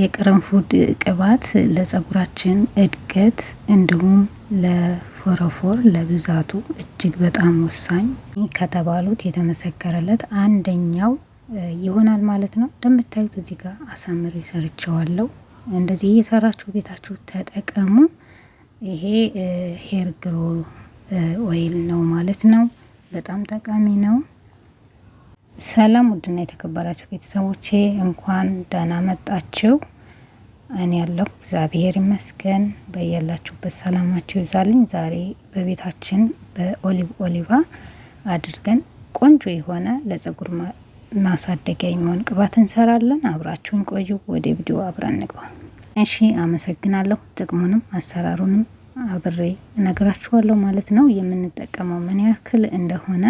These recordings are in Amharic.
የቅርንፉድ ቅባት ለፀጉራችን እድገት እንዲሁም ለፎረፎር ለብዛቱ እጅግ በጣም ወሳኝ ከተባሉት የተመሰከረለት አንደኛው ይሆናል ማለት ነው። እንደምታዩት እዚህ ጋር አሳምሬ ሰርቸዋለሁ። እንደዚህ እየሰራችሁ ቤታችሁ ተጠቀሙ። ይሄ ሄር ግሮ ኦይል ነው ማለት ነው። በጣም ጠቃሚ ነው። ሰላም ውድና የተከበራችሁ ቤተሰቦቼ እንኳን ደህና መጣችሁ። እኔ ያለሁ እግዚአብሔር ይመስገን። በያላችሁበት ሰላማችሁ ይብዛልኝ። ዛሬ በቤታችን በኦሊቭ ኦሊቫ አድርገን ቆንጆ የሆነ ለጸጉር ማሳደጊያ የሚሆን ቅባት እንሰራለን። አብራችሁን ቆዩ። ወደ ቪዲዮ አብረን እንግባ። እሺ፣ አመሰግናለሁ። ጥቅሙንም አሰራሩንም አብሬ እነግራችኋለሁ ማለት ነው። የምንጠቀመው ምን ያክል እንደሆነ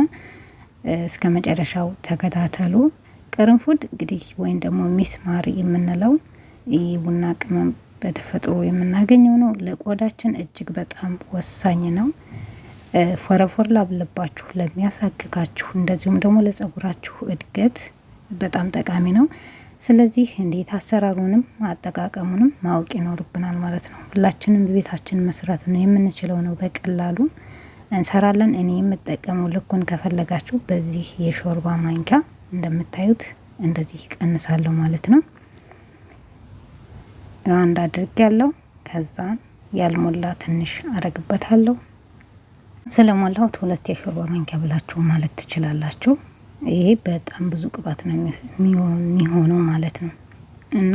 እስከ መጨረሻው ተከታተሉ። ቅርንፉድ እንግዲህ ወይም ደግሞ ሚስማር የምንለው ቡና ቅመም በተፈጥሮ የምናገኘው ነው። ለቆዳችን እጅግ በጣም ወሳኝ ነው። ፎረፎር ላብለባችሁ፣ ለሚያሳክካችሁ፣ እንደዚሁም ደግሞ ለጸጉራችሁ እድገት በጣም ጠቃሚ ነው። ስለዚህ እንዴት አሰራሩንም አጠቃቀሙንም ማወቅ ይኖርብናል ማለት ነው። ሁላችንም በቤታችን መስራት ነው የምንችለው ነው በቀላሉ እንሰራለን። እኔ የምጠቀመው ልኩን ከፈለጋችሁ በዚህ የሾርባ ማንኪያ እንደምታዩት እንደዚህ ይቀንሳለሁ ማለት ነው። አንድ አድርግ ያለው ከዛ ያልሞላ ትንሽ አረግበታለሁ። ስለሞላሁት ሁለት የሾርባ ማንኪያ ብላችሁ ማለት ትችላላችሁ። ይሄ በጣም ብዙ ቅባት ነው የሚሆነው ማለት ነው እና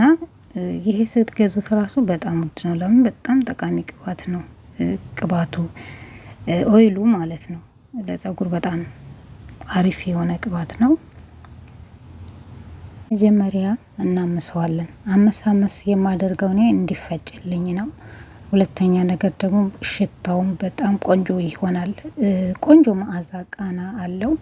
ይሄ ስትገዙት ራሱ በጣም ውድ ነው። ለምን በጣም ጠቃሚ ቅባት ነው ቅባቱ ኦይሉ ማለት ነው። ለጸጉር በጣም አሪፍ የሆነ ቅባት ነው። መጀመሪያ እናምሰዋለን። አመስ አመስ የማደርገው እኔ እንዲፈጭልኝ ነው። ሁለተኛ ነገር ደግሞ ሽታውም በጣም ቆንጆ ይሆናል። ቆንጆ መዓዛ ቃና አለው።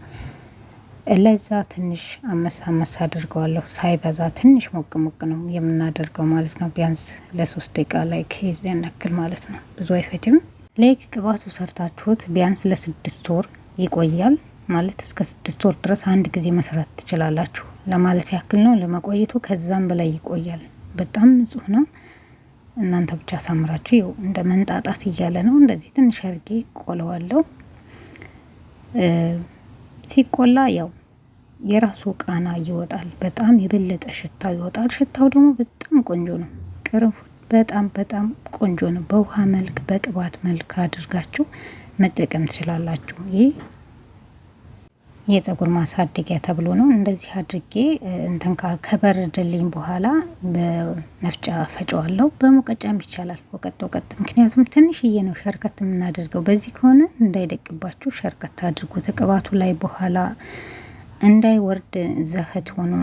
ለዛ ትንሽ አመስ አመስ አድርገዋለሁ። ሳይበዛ ትንሽ ሞቅ ሞቅ ነው የምናደርገው ማለት ነው። ቢያንስ ለሶስት ደቂቃ ላይ ከይዘን ያክል ማለት ነው። ብዙ አይፈጅም። ላይክ ቅባቱ ሰርታችሁት ቢያንስ ለስድስት ወር ይቆያል ማለት እስከ ስድስት ወር ድረስ አንድ ጊዜ መስራት ትችላላችሁ ለማለት ያክል ነው። ለመቆየቱ ከዛም በላይ ይቆያል። በጣም ንጹህ ነው። እናንተ ብቻ ሳምራችሁ ይኸው እንደ መንጣጣት እያለ ነው። እንደዚህ ትንሽ አርጌ ቆለዋለሁ። ሲቆላ ያው የራሱ ቃና ይወጣል። በጣም የበለጠ ሽታ ይወጣል። ሽታው ደግሞ በጣም ቆንጆ ነው። ቅርንፉድ በጣም በጣም ቆንጆ ነው። በውሃ መልክ በቅባት መልክ አድርጋችሁ መጠቀም ትችላላችሁ። ይህ የፀጉር ማሳደጊያ ተብሎ ነው። እንደዚህ አድርጌ እንትን ከበረደልኝ በኋላ በመፍጫ ፈጨዋለሁ። በሙቀጫም ይቻላል፣ ወቀጥ ወቀጥ። ምክንያቱም ትንሽዬ ነው ሸርከት የምናደርገው። በዚህ ከሆነ እንዳይደቅባችሁ ሸርከት አድርጉት ቅባቱ ላይ በኋላ እንዳይወርድ ዘህት ሆኖ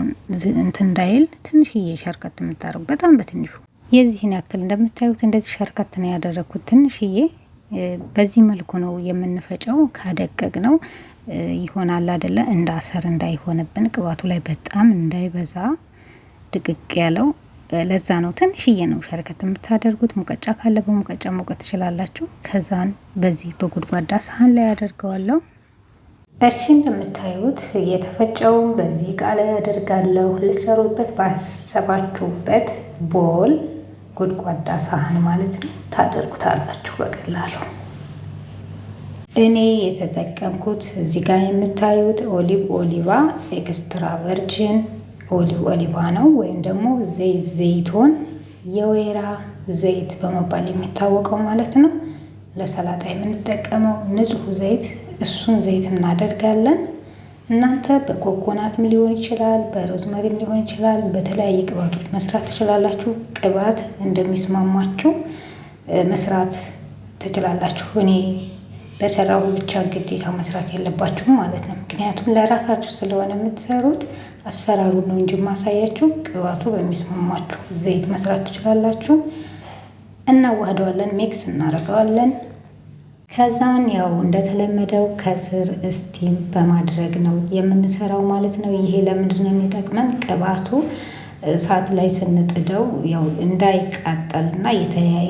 እንትን እንዳይል ትንሽዬ ሸርከት የምታደርጉ በጣም በትንሹ የዚህን ያክል እንደምታዩት እንደዚህ ሸርከት ነው ያደረግኩት ትንሽዬ። በዚህ መልኩ ነው የምንፈጨው። ካደቀቅ ነው ይሆናል አደለ? እንደ አሰር እንዳይሆንብን ቅባቱ ላይ በጣም እንዳይበዛ ድቅቅ ያለው ለዛ ነው። ትንሽዬ ነው ሸርከት የምታደርጉት። ሙቀጫ ካለ በሙቀጫ መውቀት ትችላላችሁ። ከዛን በዚህ በጉድጓዳ ሳህን ላይ ያደርገዋለሁ። እሺ እንደምታዩት የተፈጨው በዚህ ቃል ያደርጋለሁ። ልሰሩበት ባሰባችሁበት ቦል ጎድጓዳ ሳህን ማለት ነው። ታደርጉታላችሁ በቀላሉ። እኔ የተጠቀምኩት እዚህ ጋር የምታዩት ኦሊቭ ኦሊቫ ኤክስትራ ቨርጅን ኦሊቭ ኦሊቫ ነው ወይም ደግሞ ዘይት ዘይቶን የወይራ ዘይት በመባል የሚታወቀው ማለት ነው። ለሰላጣ የምንጠቀመው ንጹህ ዘይት፣ እሱን ዘይት እናደርጋለን። እናንተ በኮኮናትም ሊሆን ይችላል፣ በሮዝመሪም ሊሆን ይችላል። በተለያየ ቅባቶች መስራት ትችላላችሁ። ቅባት እንደሚስማማችሁ መስራት ትችላላችሁ። እኔ በሰራሁ ብቻ ግዴታ መስራት የለባችሁም ማለት ነው። ምክንያቱም ለራሳችሁ ስለሆነ የምትሰሩት አሰራሩ ነው እንጂ ማሳያችሁ። ቅባቱ በሚስማማችሁ ዘይት መስራት ትችላላችሁ። እናዋህደዋለን፣ ሜክስ እናደርገዋለን። ከዛን ያው እንደተለመደው ከስር እስቲም በማድረግ ነው የምንሰራው ማለት ነው። ይሄ ለምንድን ነው የሚጠቅመን? ቅባቱ እሳት ላይ ስንጥደው ያው እንዳይቃጠልና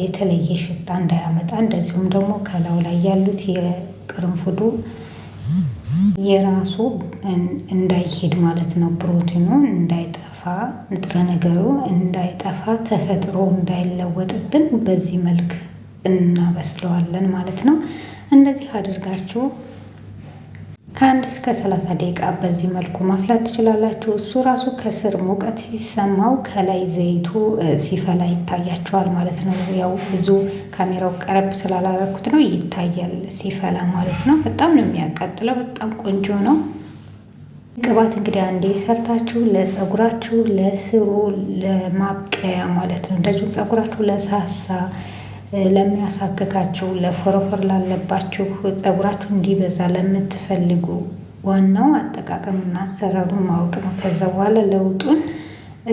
የተለየ ሽታ እንዳያመጣ እንደዚሁም ደግሞ ከላዩ ላይ ያሉት የቅርንፉዱ የራሱ እንዳይሄድ ማለት ነው። ፕሮቲኑ እንዳይጠፋ፣ ንጥረ ነገሩ እንዳይጠፋ፣ ተፈጥሮ እንዳይለወጥብን በዚህ መልክ እናበስለዋለን ማለት ነው። እንደዚህ አድርጋችሁ ከአንድ እስከ ሰላሳ ደቂቃ በዚህ መልኩ ማፍላት ትችላላችሁ። እሱ ራሱ ከስር ሙቀት ሲሰማው ከላይ ዘይቱ ሲፈላ ይታያቸዋል ማለት ነው። ያው ብዙ ካሜራው ቀረብ ስላላረኩት ነው ይታያል ሲፈላ ማለት ነው። በጣም ነው የሚያቃጥለው። በጣም ቆንጆ ነው። ቅባት እንግዲህ አንዴ ሰርታችሁ ለጸጉራችሁ፣ ለስሩ፣ ለማብቀያ ማለት ነው። እንደዚሁም ጸጉራችሁ ለሳሳ ለሚያሳክካችሁ፣ ለፎረፎር ላለባችሁ፣ ፀጉራችሁ እንዲበዛ ለምትፈልጉ ዋናው አጠቃቀምና አሰራሩን ማወቅ ነው። ከዛ በኋላ ለውጡን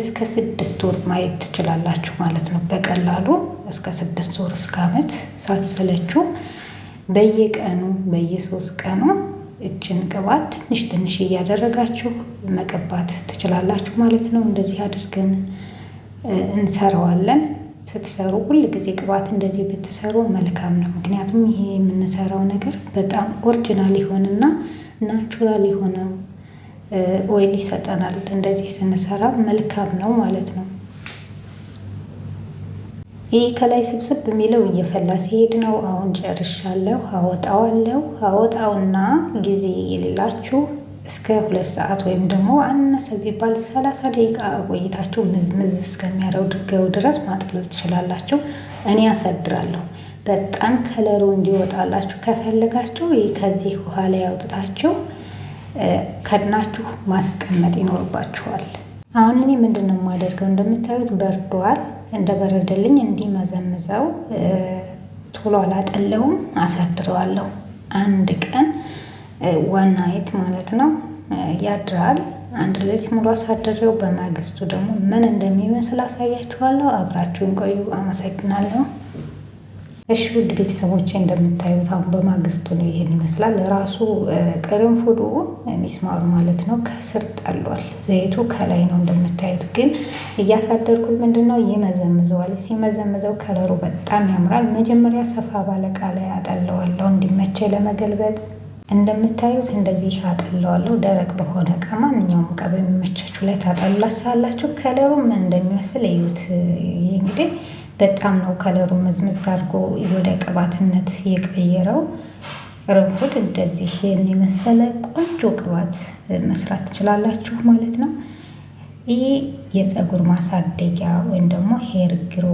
እስከ ስድስት ወር ማየት ትችላላችሁ ማለት ነው። በቀላሉ እስከ ስድስት ወር እስከ አመት ሳትሰለችሁ በየቀኑ በየሶስት ቀኑ እችን ቅባት ትንሽ ትንሽ እያደረጋችሁ መቀባት ትችላላችሁ ማለት ነው። እንደዚህ አድርገን እንሰራዋለን። ስትሰሩ ሁል ጊዜ ቅባት እንደዚህ ብትሰሩ መልካም ነው። ምክንያቱም ይሄ የምንሰራው ነገር በጣም ኦሪጂናል ይሆንና ናቹራል የሆነው ኦይል ይሰጠናል። እንደዚህ ስንሰራ መልካም ነው ማለት ነው። ይህ ከላይ ስብስብ የሚለው እየፈላ ሲሄድ ነው። አሁን ጨርሻለሁ። አወጣዋለሁ። አወጣውና ጊዜ የሌላችሁ እስከ ሁለት ሰዓት ወይም ደግሞ አነሰ ቢባል ሰላሳ ደቂቃ ቆይታችሁ ምዝምዝ ድገው ድረስ ማጥለል ትችላላችሁ። እኔ አሳድራለሁ። በጣም ከለሩ እንዲወጣላችሁ ከፈለጋችሁ ከዚህ ውሃ ላይ አውጥታችሁ ከድናችሁ ማስቀመጥ ይኖርባችኋል። አሁን እኔ ምንድን ነው የማደርገው? እንደምታዩት በርዷል። እንደበረደልኝ እንዲመዘምዘው ቶሎ አላጠለውም፣ አሳድረዋለሁ አንድ ቀን ዋን ናይት ማለት ነው ያድራል። አንድ ሌሊት ሙሉ አሳደረው። በማግስቱ ደግሞ ምን እንደሚመስል አሳያችኋለሁ። አብራችሁን ቆዩ። አመሰግናለሁ። እሺ ውድ ቤተሰቦቼ እንደምታዩት አሁን በማግስቱ ነው ይሄን ይመስላል። ራሱ ቅርንፉዱ ሚስማሩ ማለት ነው ከስር ጠሏል። ዘይቱ ከላይ ነው እንደምታዩት። ግን እያሳደርኩት ምንድን ነው ይመዘምዘዋል። ሲመዘምዘው ከለሩ በጣም ያምራል። መጀመሪያ ሰፋ ባለ ላይ አጠለዋለሁ እንዲመቸኝ ለመገልበጥ እንደምታዩት እንደዚህ አጠለዋለሁ። ደረቅ በሆነ እቃ ማንኛውም እቃ በሚመቻችሁ ላይ ታጠሉላችኋላችሁ። ከለሩ ምን እንደሚመስል እዩት። እንግዲህ በጣም ነው ከለሩ መዝመዝ አድርጎ ወደ ቅባትነት የቀየረው። ቅርንፉድ እንደዚህ ይህን የመሰለ ቆንጆ ቅባት መስራት ትችላላችሁ ማለት ነው። ይህ የፀጉር ማሳደጊያ ወይም ደግሞ ሄር ግሮ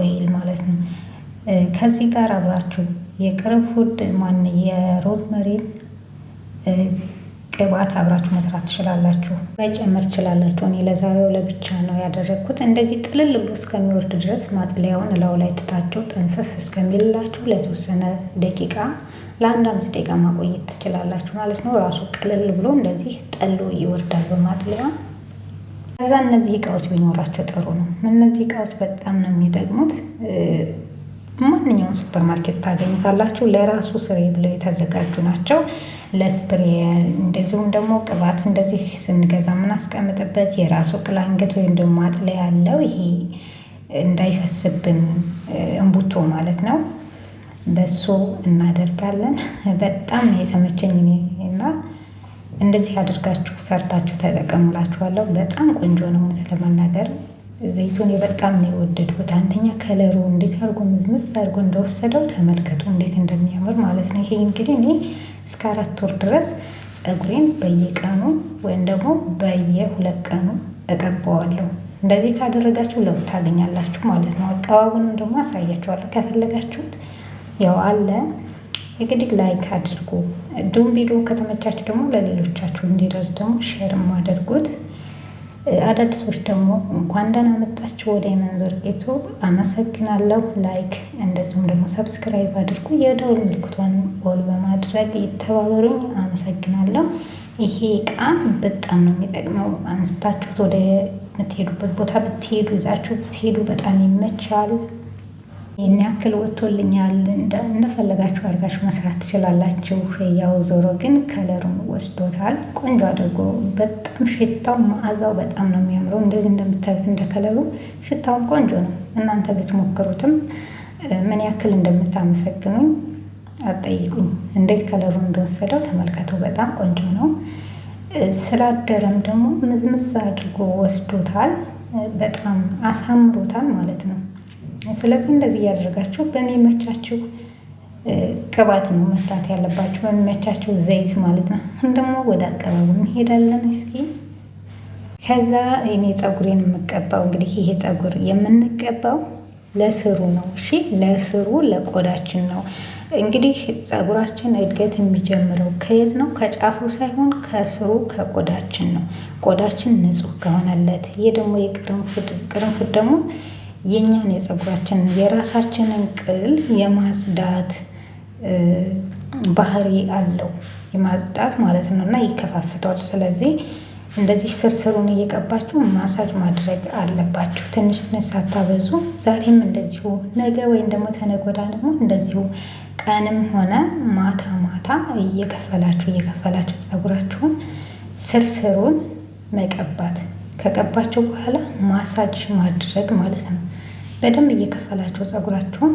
ኦይል ማለት ነው። ከዚህ ጋር አብራችሁ የቅርንፉድ ማን የሮዝመሪን ቅባት አብራችሁ መስራት ትችላላችሁ፣ መጨመር ትችላላችሁ። እኔ ለዛሬው ለብቻ ነው ያደረግኩት። እንደዚህ ጥልል ብሎ እስከሚወርድ ድረስ ማጥለያውን እላው ላይ ትታችሁ ጥንፍፍ እስከሚልላችሁ ለተወሰነ ደቂቃ ለአንድ አምስት ደቂቃ ማቆየት ትችላላችሁ ማለት ነው። ራሱ ቅልል ብሎ እንደዚህ ጠሎ ይወርዳል በማጥለያ። ከዛ እነዚህ እቃዎች ቢኖራቸው ጥሩ ነው። እነዚህ እቃዎች በጣም ነው የሚጠቅሙት። ማንኛውም ሱፐር ማርኬት ታገኙታላችሁ። ለራሱ ስሬ ብለው የተዘጋጁ ናቸው። ለስፕሬ እንደዚሁም ደግሞ ቅባት እንደዚህ ስንገዛ የምናስቀምጥበት የራሱ ቅላንገት ወይም ደግሞ ማጥለያ ያለው ይሄ እንዳይፈስብን እንቡቶ ማለት ነው። በሱ እናደርጋለን። በጣም የተመቸኝ እኔ እና እንደዚህ አድርጋችሁ ሰርታችሁ ተጠቀሙላችኋለሁ። በጣም ቆንጆ ነው እውነት ለመናገር ዘይቱን በጣም ነው የወደድኩት። አንደኛ ከለሩ እንዴት አድርጎ ምዝምዝ አድርጎ እንደወሰደው ተመልከቱ፣ እንዴት እንደሚያምር ማለት ነው። ይሄ እንግዲህ እኔ እስከ አራት ወር ድረስ ፀጉሬን በየቀኑ ወይም ደግሞ በየሁለት ቀኑ እቀባዋለሁ። እንደዚህ ካደረጋችሁ ለውጥ ታገኛላችሁ ማለት ነው። አቀባቡንም ደግሞ አሳያችኋለሁ ከፈለጋችሁት። ያው አለ የግዲግ ላይክ አድርጉ። ዱም ቪዲዮ ከተመቻችሁ ደግሞ ለሌሎቻችሁ እንዲደርስ ደግሞ ሼር አድርጉት። አዳዲሶች ደግሞ እንኳን ደህና መጣችሁ ወደ የመንዞር ጌቱ አመሰግናለሁ። ላይክ እንደዚሁም ደግሞ ሰብስክራይብ አድርጉ፣ የደውል ምልክቷን ቦል በማድረግ ይተባበሩኝ። አመሰግናለሁ። ይሄ እቃ በጣም ነው የሚጠቅመው። አንስታችሁት ወደ የምትሄዱበት ቦታ ብትሄዱ ይዛችሁ ብትሄዱ በጣም ይመቻል። ይህን ያክል ወጥቶልኛል እንደፈለጋችሁ አድርጋችሁ መስራት ትችላላችሁ። ያው ዞሮ ግን ከለሩን ወስዶታል ቆንጆ አድርጎ በጣም ሽታው መዓዛው በጣም ነው የሚያምረው። እንደዚህ እንደምታዩት እንደ ከለሩ ሽታውም ቆንጆ ነው። እናንተ ብትሞክሩትም ምን ያክል እንደምታመሰግኑኝ አጠይቁኝ። እንዴት ከለሩን እንደወሰደው ተመልከቱ። በጣም ቆንጆ ነው። ስላደረም ደግሞ ምዝምዝ አድርጎ ወስዶታል። በጣም አሳምሮታል ማለት ነው። ነው። ስለዚህ እንደዚህ እያደረጋችሁ በሚመቻችሁ ቅባት ነው መስራት ያለባችሁ፣ በሚመቻችሁ ዘይት ማለት ነው። አሁን ደግሞ ወደ አቀባቡ እንሄዳለን። እስኪ ከዛ እኔ ፀጉሬን የምቀባው እንግዲህ ይሄ ፀጉር የምንቀባው ለስሩ ነው። እሺ ለስሩ ለቆዳችን ነው። እንግዲህ ፀጉራችን እድገት የሚጀምረው ከየት ነው? ከጫፉ ሳይሆን ከስሩ ከቆዳችን ነው። ቆዳችን ንጹህ ከሆነለት ይህ ደግሞ የቅርንፉድ ቅርንፉድ ደግሞ የእኛን የፀጉራችንን የራሳችንን ቅል የማጽዳት ባህሪ አለው የማጽዳት ማለት ነው እና ይከፋፍተዋል። ስለዚህ እንደዚህ ስርስሩን እየቀባችሁ ማሳጅ ማድረግ አለባችሁ። ትንሽ ትንሽ ሳታበዙ ዛሬም እንደዚሁ ነገ ወይም ደግሞ ተነጎዳ ደግሞ እንደዚሁ ቀንም ሆነ ማታ ማታ እየከፈላችሁ እየከፈላችሁ ፀጉራችሁን ስርስሩን መቀባት ከቀባቸው በኋላ ማሳጅ ማድረግ ማለት ነው። በደንብ እየከፈላቸው ፀጉራቸውን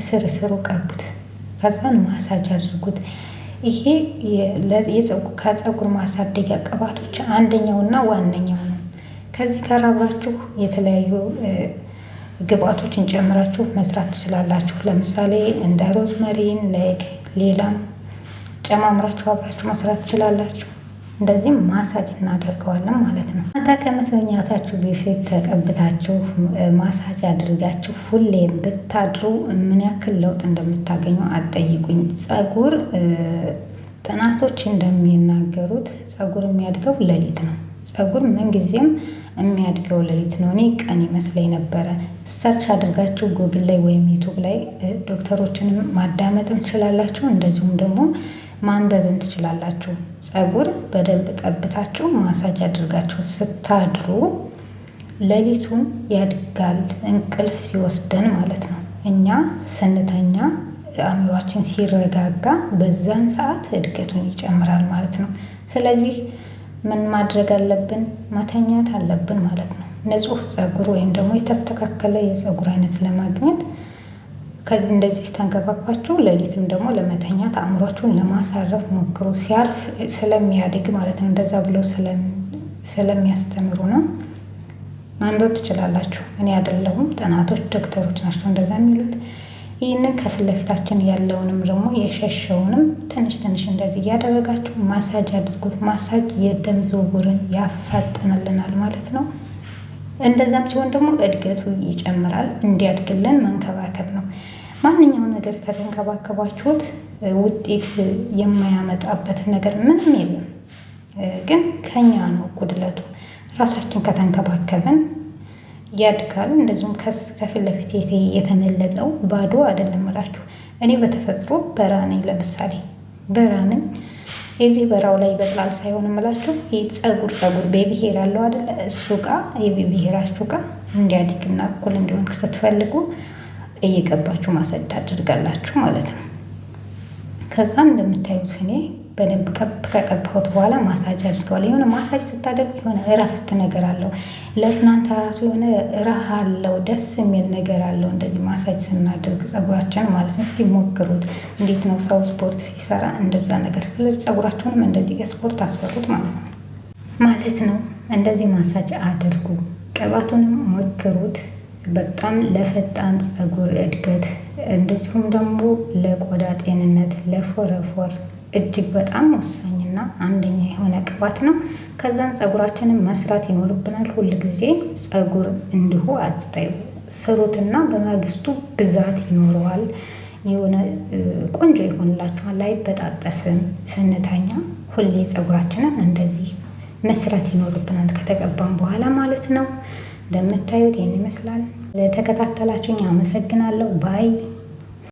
እስር እስሩ ቀቡት። ከዛን ማሳጅ አድርጉት። ይሄ ከፀጉር ማሳደጊያ ቅባቶች አንደኛውና ዋነኛው ነው። ከዚህ ጋር አብራችሁ የተለያዩ ግብአቶችን ጨምራችሁ መስራት ትችላላችሁ። ለምሳሌ እንደ ሮዝመሪን፣ ላይክ ሌላም ጨማምራችሁ አብራችሁ መስራት ትችላላችሁ። እንደዚህም ማሳጅ እናደርገዋለን ማለት ነው። ማታ ከመተኛታችሁ በፊት ተቀብታችሁ ማሳጅ አድርጋችሁ ሁሌ ብታድሩ ምን ያክል ለውጥ እንደምታገኙ አጠይቁኝ ጸጉር ጥናቶች እንደሚናገሩት ጸጉር የሚያድገው ሌሊት ነው። ጸጉር ምንጊዜም የሚያድገው ሌሊት ነው። እኔ ቀን ይመስለኝ ነበረ። ሰርች አድርጋችሁ ጉግል ላይ ወይም ዩቱብ ላይ ዶክተሮችንም ማዳመጥ እንችላላችሁ። እንደዚሁም ደግሞ ማንበብን ትችላላችሁ። ፀጉር በደንብ ጠብታችሁ ማሳጅ አድርጋችሁ ስታድሩ ሌሊቱን ያድጋል። እንቅልፍ ሲወስደን ማለት ነው። እኛ ስንተኛ አእምሯችን ሲረጋጋ በዛን ሰዓት እድገቱን ይጨምራል ማለት ነው። ስለዚህ ምን ማድረግ አለብን? መተኛት አለብን ማለት ነው። ንጹህ ፀጉር ወይም ደግሞ የተስተካከለ የፀጉር አይነት ለማግኘት ከዚህ እንደዚህ ተንከባክባችሁ ለሊትም ደግሞ ለመተኛት አእምሯችሁን ለማሳረፍ ሞክሩ። ሲያርፍ ስለሚያድግ ማለት ነው። እንደዛ ብለው ስለሚያስተምሩ ነው። ማንበብ ትችላላችሁ። እኔ አይደለሁም፣ ጥናቶች፣ ዶክተሮች ናቸው እንደዛ የሚሉት። ይህንን ከፊት ለፊታችን ያለውንም ደግሞ የሸሸውንም ትንሽ ትንሽ እንደዚህ እያደረጋችሁ ማሳጅ አድርጉት። ማሳጅ የደም ዝውውርን ያፋጥንልናል ማለት ነው። እንደዛም ሲሆን ደግሞ እድገቱ ይጨምራል። እንዲያድግልን መንከባከብ ነው። ማንኛው ነገር ከተንከባከባችሁት ውጤት የማያመጣበት ነገር ምንም የለም። ግን ከኛ ነው ጉድለቱ። ራሳችን ከተንከባከብን ያድጋል። እንደዚሁም ከፊት ለፊት የተመለጠው ባዶ አይደለም እላችሁ። እኔ በተፈጥሮ በራ ነኝ። ለምሳሌ በራ ነኝ። የዚህ በራው ላይ ይበቅላል ሳይሆን ምላችሁ ፀጉር ፀጉር ቤቢ ሄር አለው እሱ ቃ የቤቢ ቃ እንዲያድግና እኩል እንዲሆን ስትፈልጉ እየገባችሁ ማሰድ ታደርጋላችሁ ማለት ነው። ከዛ እንደምታዩት እኔ በደንብ ከቀባሁት በኋላ ማሳጅ አድርገዋል። የሆነ ማሳጅ ስታደርግ የሆነ እረፍት ነገር አለው። ለእናንተ ራሱ የሆነ ረሃ አለው፣ ደስ የሚል ነገር አለው። እንደዚህ ማሳጅ ስናደርግ ጸጉራችን ማለት ነው። እስኪ ሞክሩት። እንዴት ነው ሰው ስፖርት ሲሰራ እንደዛ ነገር። ስለዚህ ጸጉራችሁንም እንደዚህ ስፖርት አሰሩት ማለት ነው ማለት ነው። እንደዚህ ማሳጅ አድርጉ፣ ቅባቱንም ሞክሩት። በጣም ለፈጣን ጸጉር እድገት እንደዚሁም ደግሞ ለቆዳ ጤንነት ለፎረፎር እጅግ በጣም ወሳኝና አንደኛ የሆነ ቅባት ነው። ከዛን ፀጉራችንን መስራት ይኖርብናል። ሁል ጊዜ ፀጉር እንዲሁ አትታዩ ስሩትና በማግስቱ ብዛት ይኖረዋል። የሆነ ቆንጆ ይሆንላችኋል። በጣጠስም ስንተኛ ሁሌ ፀጉራችንን እንደዚህ መስራት ይኖርብናል። ከተቀባም በኋላ ማለት ነው። እንደምታዩት ይህን ይመስላል። ለተከታተላችሁኝ አመሰግናለሁ ባይ